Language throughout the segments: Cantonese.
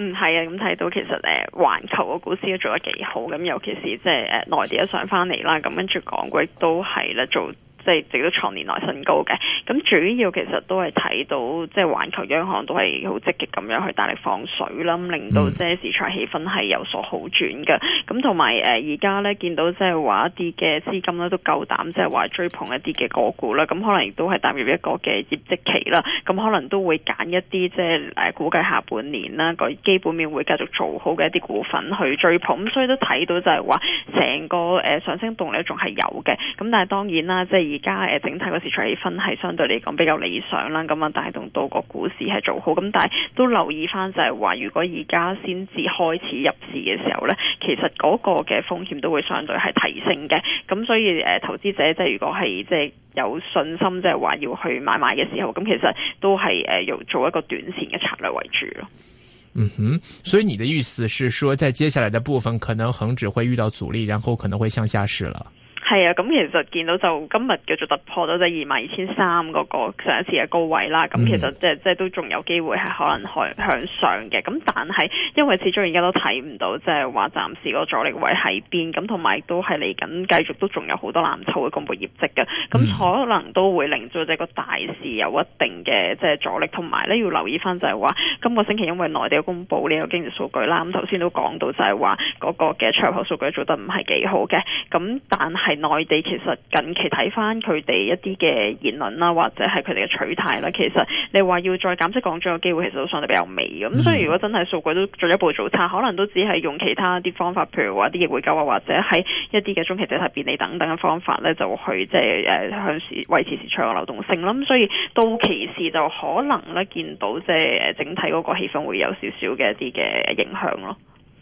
嗯，係啊，咁睇到其實環球個股市都做得幾好，咁尤其是即係誒內地都上翻嚟啦，咁跟住港股都係咧做。即係直到創年內新高嘅，咁主要其實都係睇到即係環球央行都係好積極咁樣去大力放水啦，令到即係市場氣氛係有所好轉嘅。咁同埋誒而家咧見到即係話一啲嘅資金咧都夠膽即係話追捧一啲嘅個股啦，咁可能亦都係踏入一個嘅業績期啦。咁可能都會揀一啲即係誒估計下半年啦個基本面會繼續做好嘅一啲股份去追捧，咁所以都睇到就係話成個誒上升動力仲係有嘅。咁但係當然啦，即係以而家誒整體個市場氣氛係相對嚟講比較理想啦，咁啊帶動到個股市係做好。咁但係都留意翻就係話，如果而家先至開始入市嘅時候咧，其實嗰個嘅風險都會相對係提升嘅。咁所以誒，投資者即係如果係即係有信心，即係話要去買買嘅時候，咁其實都係誒要做一個短線嘅策略為主咯。嗯哼，所以你的意思是說，在接下來的部分，可能恒指會遇到阻力，然後可能會向下市喇。係啊，咁、嗯、其實見到就今日繼續突破咗即係二萬二千三嗰個上一次嘅高位啦。咁、嗯嗯、其實即係即係都仲有機會係可能向上嘅。咁但係因為始終而家都睇唔到即係話暫時個阻力位喺邊，咁同埋都係嚟緊繼續都仲有好多藍籌嘅公布業績嘅，咁、嗯嗯、可能都會令到即係個大市有一定嘅即係阻力，同埋咧要留意翻就係話今個星期因為內地嘅公布呢個經濟數據啦，咁頭先都講到就係話嗰個嘅出口數據做得唔係幾好嘅，咁但係。內地其實近期睇翻佢哋一啲嘅言論啦，或者係佢哋嘅取態啦，其實你話要再減息降準嘅機會，其實都相對比較微，咁、嗯、所以如果真係數據都進一步走差，可能都只係用其他啲方法，譬如話啲逆回金購啊，或者喺一啲嘅中期借貸便利等等嘅方法咧，就去即係誒維持市場嘅流動性，咁所以到期時就可能咧見到即係誒整體嗰個氣氛會有少少嘅一啲嘅影響咯。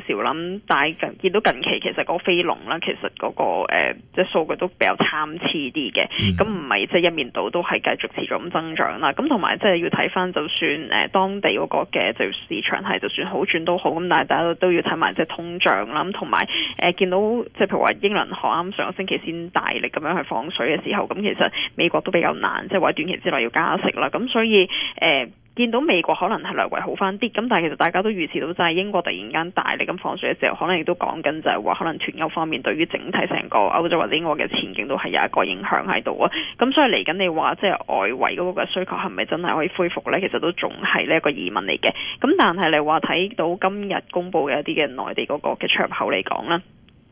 少諗，但係近見到近期其實個飛龍啦，其實嗰、個、呃、即係數據都比較參差啲嘅，咁唔係即係一面倒都係繼續持續咁增長啦。咁同埋即係要睇翻，就算誒當地嗰個嘅即係市場係就算好轉都好，咁但係大家都要睇埋即係通脹啦，同埋誒見到即係譬如話英倫行啱上個星期先大力咁樣去放水嘅時候，咁其實美國都比較難，即係話短期之內要加息啦，咁所以誒。呃見到美國可能係略為好翻啲咁，但其實大家都預設到就係英國突然間大力咁放水嘅時候，可能亦都講緊就係、是、話可能脫歐方面對於整體成個歐洲或者英國嘅前景都係有一個影響喺度啊。咁所以嚟緊你話即係外圍嗰個需求係咪真係可以恢復呢？其實都仲係呢一個疑問嚟嘅。咁但係你話睇到今日公布嘅一啲嘅內地嗰個嘅出口嚟講啦，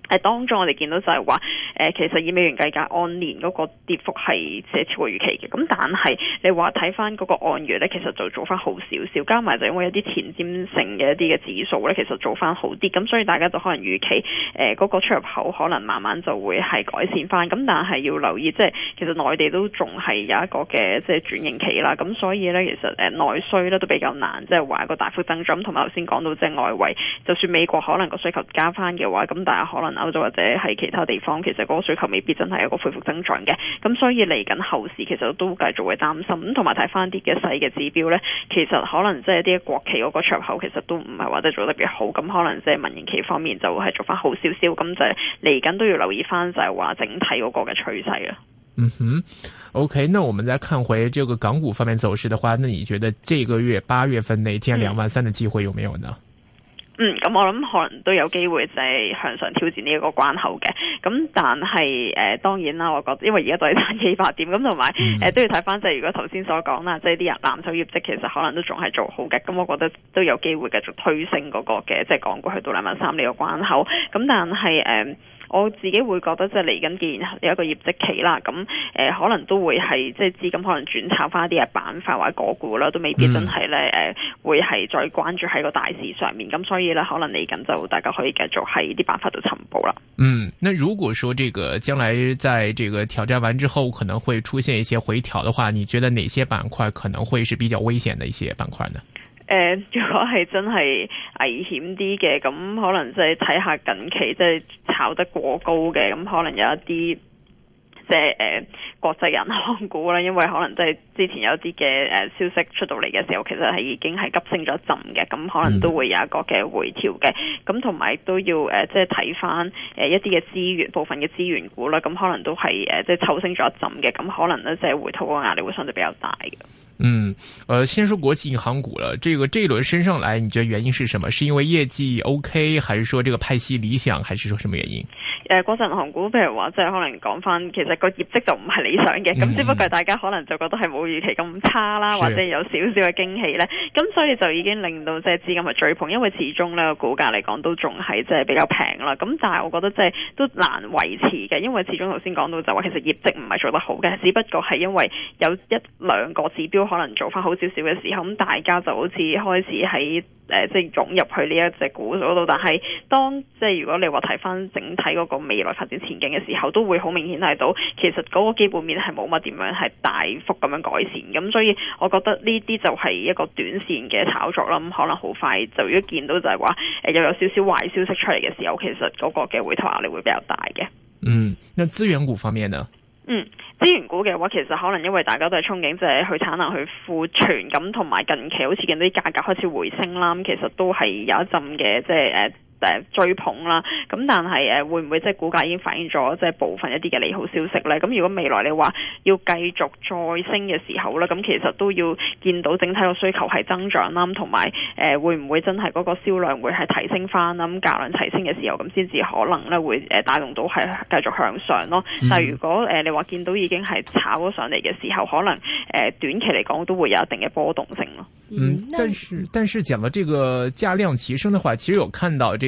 係當中我哋見到就係話。誒、呃、其實以美元計價，按年嗰個跌幅係即係超過預期嘅。咁但係你話睇翻嗰個按月咧，其實就做翻好少少。加埋就因為一啲前瞻性嘅一啲嘅指數咧，其實做翻好啲。咁所以大家就可能預期誒嗰、呃那個出入口可能慢慢就會係改善翻。咁但係要留意，即係其實內地都仲係有一個嘅即係轉型期啦。咁所以咧，其實誒內、呃、需咧都比較難，即係話一個大幅增長。同埋頭先講到即係外圍，就算美國可能個需求加翻嘅話，咁但係可能歐洲或者係其他地方其實，個需求未必真係一個恢復增長嘅，咁所以嚟緊後市其實都繼續會擔心，同埋睇翻啲嘅細嘅指標呢，其實可能即係啲國企嗰個出口其實都唔係話得做得特別好，咁可能即係民營企方面就會係做翻好少少，咁就嚟緊都要留意翻就係話整體嗰個嘅趨勢啊。嗯哼，OK，那我們再看回這個港股方面走勢的話，那你覺得這個月八月份內見兩萬三的機會有沒有呢？嗯嗯，咁我諗可能都有機會，就係向上挑戰呢一個關口嘅。咁但係、呃、當然啦，我覺得因為而家都係爭幾百點，咁同埋都要睇翻、即係，就係如果頭先所講啦，即係啲人藍籌業績其實可能都仲係做好嘅。咁我覺得都有機會繼續推升嗰個嘅，即、就、係、是、港股去到兩萬三呢個關口。咁但係我自己會覺得即係嚟緊見有一個業績期啦，咁、呃、誒可能都會係即係資金可能轉炒翻一啲嘅板塊或者個股啦，都未必真係咧誒會係再關注喺個大市上面，咁所以咧可能嚟緊就大家可以繼續喺啲板塊度尋寶啦。嗯，那如果說這個將來在這個挑戰完之後可能會出現一些回調的話，你覺得哪些板塊可能會是比較危險的一些板塊呢？誒，uh，如果係真係危險啲嘅，咁可能即係睇下近期即係炒得過高嘅，咁可能有一啲。即係誒，國際銀行股啦，因為可能即係之前有啲嘅誒消息出到嚟嘅時候，其實係已經係急升咗一浸嘅，咁可能都會有一個嘅回調嘅，咁同埋都要誒，即係睇返誒一啲嘅資源部分嘅資源股啦，咁可能都係誒即係抽升咗一浸嘅，咁可能咧即係回吐個壓力會相對比較大嘅。嗯，誒、呃，先說國際銀行股啦，這個這一輪升上來，你覺得原因是什麼？是因為業績 OK，還是說這個派息理想，還是說什麼原因？誒嗰陣行股，譬如話，即係可能講翻，其實個業績就唔係理想嘅，咁、嗯、只不過大家可能就覺得係冇預期咁差啦，或者有少少嘅驚喜咧，咁所以就已經令到即係資金係追捧，因為始終呢個股價嚟講都仲係即係比較平啦。咁但係我覺得即係都難維持嘅，因為始終頭先講到就話、是，其實業績唔係做得好嘅，只不過係因為有一兩個指標可能做翻好少少嘅時候，咁大家就好似開始喺誒即係湧入去呢一隻股嗰度。但係當即係如果你話提翻整體嗰、那個，未來發展前景嘅時候，都會好明顯睇到，其實嗰個基本面係冇乜點樣係大幅咁樣改善，咁所以我覺得呢啲就係一個短線嘅炒作啦。咁可能好快，就如果見到就係話，又、呃、有，有少少壞消息出嚟嘅時候，其實嗰個嘅回吐壓力會比較大嘅。嗯，那資源股方面呢？嗯，資源股嘅話，其實可能因為大家都係憧憬即係、就係、去產能去、去庫存，咁同埋近期好似見到啲價格開始回升啦，咁其實都係有一陣嘅，即係誒。誒追捧啦，咁但係誒會唔會即係股價已經反映咗即係部分一啲嘅利好消息咧？咁如果未來你話要繼續再升嘅時候咧，咁其實都要見到整體個需求係增長啦，咁同埋誒會唔會真係嗰個銷量會係提升翻啦？咁價量提升嘅時候，咁先至可能咧會誒帶動到係繼續向上咯。嗯。但係如果誒你話見到已經係炒咗上嚟嘅時候，可能誒短期嚟講都會有一定嘅波動性咯。嗯，但是但是講到這個價量齊升嘅話，其實有看到，這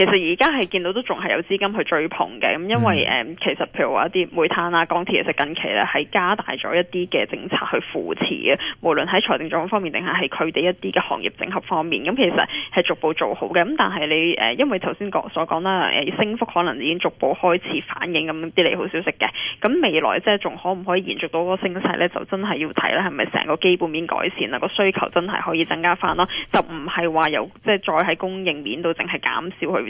其實而家係見到都仲係有資金去追捧嘅，咁因為誒、嗯、其實譬如話一啲煤炭啊、鋼鐵，其實近期咧係加大咗一啲嘅政策去扶持嘅，無論喺財政狀況方面定係係佢哋一啲嘅行業整合方面，咁其實係逐步做好嘅。咁但係你誒因為頭先講所講啦，誒升幅可能已經逐步開始反映咁啲利好消息嘅，咁未來即係仲可唔可以延續到個升勢咧？就真係要睇啦，係咪成個基本面改善啦，個需求真係可以增加返啦？就唔係話有即係再喺供應面度淨係減少去。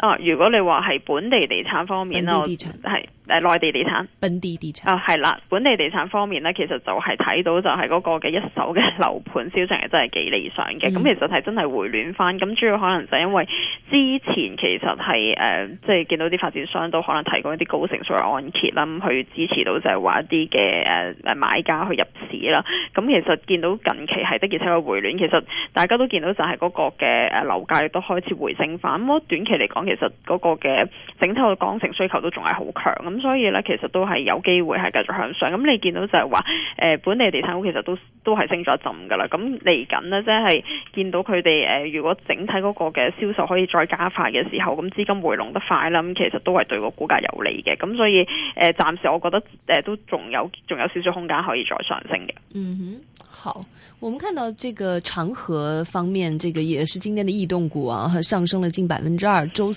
哦，如果你話係本地地產方面，本地地產係誒內地地產，本地地產啊係啦，本地地產方面咧，其實就係睇到就係嗰個嘅一手嘅樓盤銷情係真係幾理想嘅，咁、嗯、其實係真係回暖翻。咁主要可能就係因為之前其實係誒，即係見到啲發展商都可能提供一啲高成數嘅按揭啦，去支持到就係話一啲嘅誒誒買家去入市啦。咁其實見到近期係的而且確回暖，其實大家都見到就係嗰個嘅誒樓價亦都開始回升翻。我短期嚟講。其實嗰個嘅整體嘅剛性需求都仲係好強，咁所以咧其實都係有機會係繼續向上。咁你見到就係話，誒、呃、本地地產股其實都都係升咗一浸噶啦。咁嚟緊呢，即、就、係、是、見到佢哋誒，如果整體嗰個嘅銷售可以再加快嘅時候，咁資金回籠得快啦，咁其實都係對個股價有利嘅。咁所以誒暫、呃、時我覺得誒、呃、都仲有仲有少少空間可以再上升嘅。嗯哼，好，我們看到這個長和方面，這個也是今天的異動股啊，上升了近百分之二，周。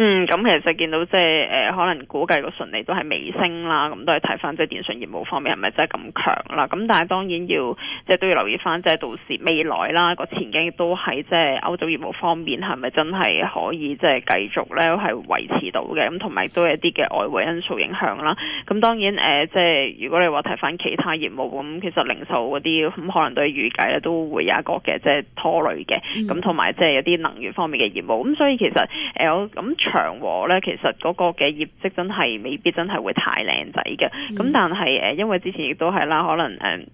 嗯，咁其實就見到即係誒，可能估計個順利都係微升啦，咁、嗯、都係睇翻即係電信業務方面係咪真係咁強啦？咁但係當然要即係都要留意翻，即係到時未來啦個前景都係即係歐洲業務方面係咪真係可以即係繼續咧係維持到嘅？咁同埋都有一啲嘅外匯因素影響啦。咁、嗯、當然誒、呃，即係如果你話睇翻其他業務，咁、嗯、其實零售嗰啲咁可能對預計都會有一個嘅即係拖累嘅。咁同埋即係有啲能源方面嘅業務。咁、嗯、所以其實誒咁。呃嗯長和咧，其實嗰個嘅業績真係未必真係會太靚仔嘅。咁、嗯、但係誒，因為之前亦都係啦，可能誒。嗯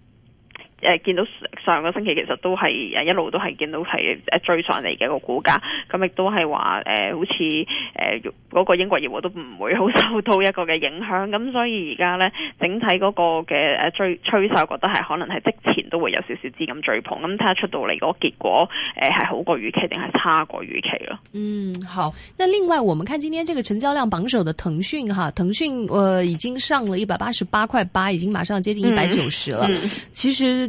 誒見到上個星期其實都係誒一路都係見到係誒追上嚟嘅個股價，咁亦都係話誒好似誒嗰個英國業務都唔會好受到一個嘅影響，咁所以而家咧整體嗰個嘅誒追趨勢，覺得係可能係即前都會有少少資金追捧，咁睇下出到嚟嗰個結果誒係好過預期定係差過預期咯。嗯，好。那另外，我們看今天這個成交量榜首嘅騰訊哈，騰訊誒已經上了一百八十八塊八，已經馬上接近一百九十了、嗯嗯。其實。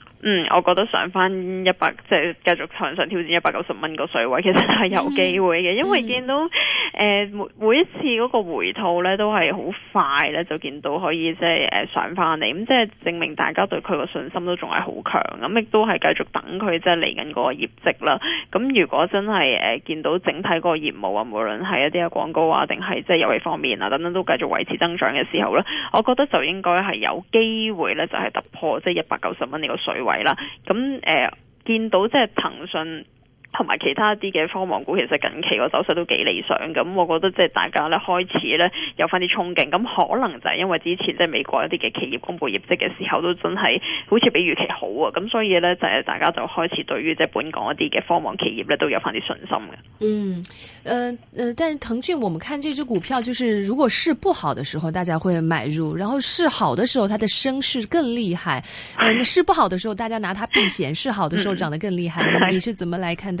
嗯，我覺得上翻一百，即係繼續向上挑戰一百九十蚊個水位，其實係有機會嘅，嗯，因為見到誒每，呃，每一次嗰個回吐咧，都係好快咧，就見到可以，呃嗯，即係誒上翻嚟，咁即係證明大家對佢個信心都仲係好強，咁，嗯，亦都係繼續等佢即係嚟緊個業績啦。咁，嗯，如果真係誒，呃，見到整體個業務啊，無論係一啲嘅廣告啊，定係即係遊戲方面啊等等，都繼續維持增長嘅時候咧，我覺得就應該係有機會咧，就係突破即係一百九十蚊呢個水位。係啦、嗯，咁誒見到即係騰訊，同埋其他啲嘅科網股，其實近期個走勢都幾理想。咁我覺得即係大家咧開始咧有翻啲憧憬。咁可能就係因為之前即係美國一啲嘅企業公布業績嘅時候，都真係好似比預期好啊。咁所以咧就係大家就開始對於即係本港一啲嘅科網企業咧都有翻啲信心啦。嗯，誒、呃、誒、呃，但係騰訊，我們看這隻股票，就是如果市不好的時候，大家會買入；然後市好的時候，它的升勢更厲害。誒、呃，市不好的時候，大家拿它避險；市、嗯、好的時候，漲得更厲害。你是怎麼來看的？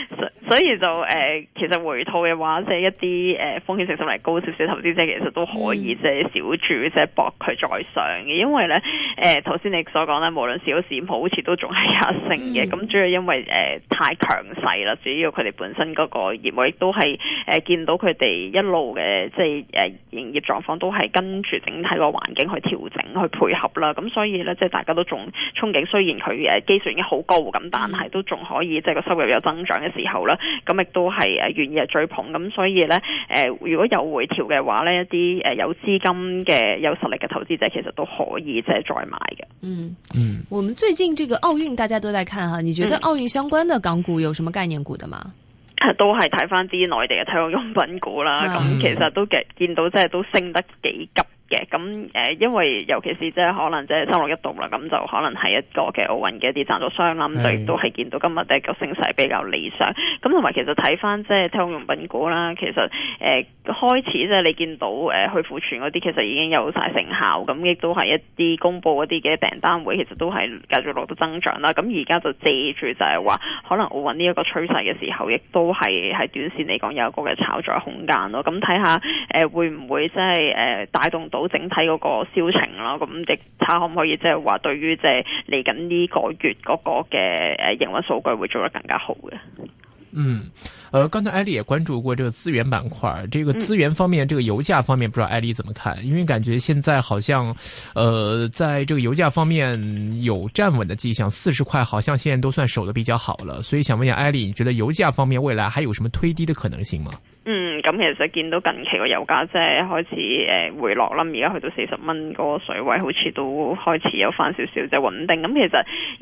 所以就誒，其實回吐嘅話，即係一啲誒風險承受力高少少投資者，其實都可以即係少注，即係搏佢再上嘅。因為咧誒，頭先你所講咧，無論小市好似都仲係一升嘅，咁主要因為誒太強勢啦，主要佢哋本身嗰個業務亦都係誒見到佢哋一路嘅即係誒營業狀況，都係跟住整體個環境去調整去配合啦。咁所以咧，即係大家都仲憧憬，雖然佢誒基數已經好高咁，但係都仲可以即係個收入有增長嘅時候咧。咁亦都係誒，願意係追捧咁，所以咧誒，如果有回調嘅話咧，一啲誒有資金嘅有實力嘅投資者其實都可以即係再買嘅。嗯嗯，我們最近這個奧運大家都在看哈，你覺得奧運相關的港股有什麼概念股的嗎？嗯嗯嗯、都係睇翻啲內地嘅體育用品股啦，咁其實都嘅見到即係都升得幾急。嘅咁誒，因為尤其是即係、呃、可能即係三六一度啦，咁就可能係一個嘅奧運嘅一啲贊助商，咁就亦都係見到今日第一個升勢比較理想。咁同埋其實睇翻即係體育用品股啦，其實誒、呃、開始即、呃、你見到誒、呃、去庫存嗰啲，其實已經有曬成效。咁、嗯、亦都係一啲公佈嗰啲嘅訂單會，其實都係繼續落到增長啦。咁而家就借住就係話，可能奧運呢一個趨勢嘅時候，亦都係喺短線嚟講有一個嘅炒作空間咯。咁睇下會唔會即係、呃、帶動到？好整體嗰個銷情啦，咁即睇可唔可以即係話對於即係嚟緊呢個月嗰個嘅誒營運數據會做得更加好嘅。嗯，誒、呃，剛才艾麗也關注過這個資源板塊，這個資源方面，這個油價方面，不知道艾麗怎麼看？因為感覺現在好像，誒、呃，在這個油價方面有站穩的迹象，四十塊好像現在都算守得比較好了。所以想問下艾麗，你覺得油價方面未來還有什麼推低的可能性嗎？嗯，咁其實見到近期個油價即係開始誒回落啦，而家去到四十蚊嗰個水位，好似都開始有翻少少即係穩定。咁其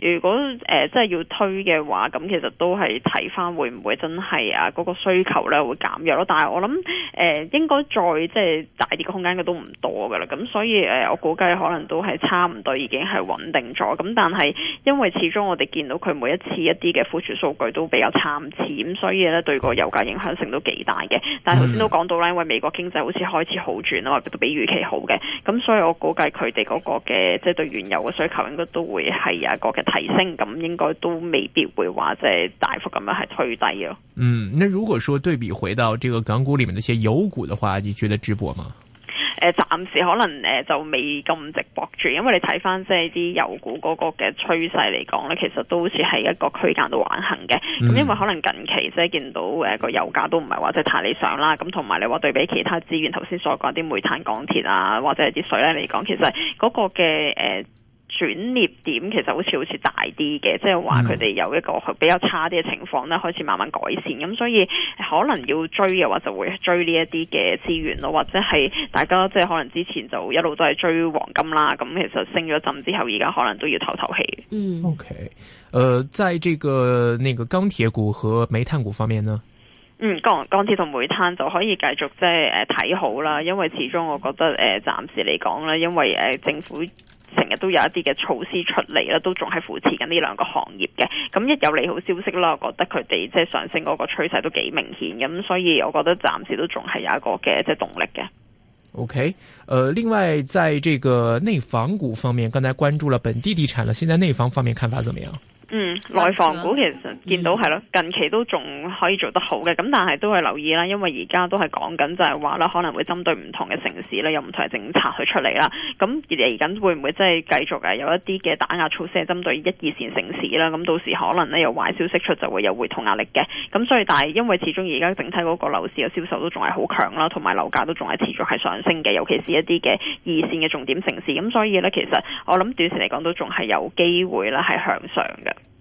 實如果誒即係要推嘅話，咁其實都係睇翻會唔會真係啊嗰個需求咧會減弱咯。但係我諗誒應該再即係大啲嘅空間嘅都唔多噶啦。咁所以誒我估計可能都係差唔多已經係穩定咗。咁但係因為始終我哋見到佢每一次一啲嘅庫存數據都比較參差，所以咧對個油價影響性都幾大。嘅，但係頭先都講到啦，因為美國經濟好似開始好轉啊，都比預期好嘅，咁所以我估計佢哋嗰個嘅即係對原油嘅需求應該都會係有一個嘅提升，咁應該都未必會話即係大幅咁樣係推低咯。嗯，那如果說對比回到這個港股裏面那些油股的話，你覺得直播嗎？誒暫時可能就未咁直博住，因為你睇返即係啲油股嗰個嘅趨勢嚟講咧，其實都好似係一個區間度橫行嘅。咁、嗯、因為可能近期即係見到誒個油價都唔係話即係太理想啦。咁同埋你話對比其他資源頭先所講啲煤炭、鋼鐵啊，或者係啲水咧嚟講，其實嗰個嘅誒。呃轉捩點其實好似好似大啲嘅，即係話佢哋有一個比較差啲嘅情況咧，開始慢慢改善，咁、嗯、所以可能要追嘅話，就會追呢一啲嘅資源咯，或者係大家即係可能之前就一路都係追黃金啦，咁其實升咗陣之後，而家可能都要唞唞氣。嗯，OK，誒，在這個那個鋼鐵股和煤炭股方面呢？嗯，鋼鋼鐵同煤炭就可以繼續即係誒睇好啦，因為始終我覺得誒暫、呃、時嚟講咧，因為誒、呃、政府。成日都有一啲嘅措施出嚟啦，都仲係扶持緊呢兩個行業嘅。咁一有利好消息啦，我覺得佢哋即係上升嗰個趨勢都幾明顯。咁所以我覺得暫時都仲係有一個嘅即係動力嘅。OK，誒、呃，另外，在這個內房股方面，剛才關注了本地地產啦，現在內房方面看法怎麼樣？嗯，內房股其實見到係咯、嗯，近期都仲可以做得好嘅，咁、嗯、但係都係留意啦，因為而家都係講緊就係話啦，可能會針對唔同嘅城市咧，有唔同嘅政策去出嚟啦。咁而嚟緊會唔會即係繼續啊，有一啲嘅打壓措施係針對一二線城市啦？咁到時可能咧有壞消息出，就會有回吐壓力嘅。咁所以，但係因為始終而家整體嗰個樓市嘅銷售都仲係好強啦，同埋樓價都仲係持續係上升嘅，尤其是一啲嘅二線嘅重點城市。咁所以咧，其實我諗短時嚟講都仲係有機會啦，係向上嘅。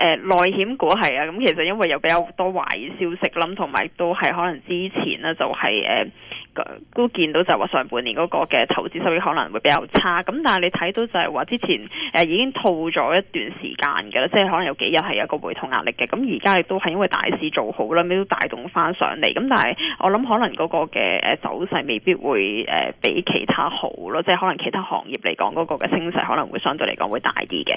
誒、呃、內險股係啊，咁其實因為有比較多壞消息啦，同埋都係可能之前呢、就係，就係誒都見到就話上半年嗰個嘅投資收益可能會比較差。咁但係你睇到就係話之前誒已經套咗一段時間嘅，即係可能有幾日係有個回吐壓力嘅。咁而家亦都係因為大市做好啦，都帶動翻上嚟。咁但係我諗可能嗰個嘅誒走勢未必會誒比其他好咯，即係可能其他行業嚟講嗰個嘅升勢可能會相對嚟講會大啲嘅。